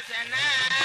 حسنات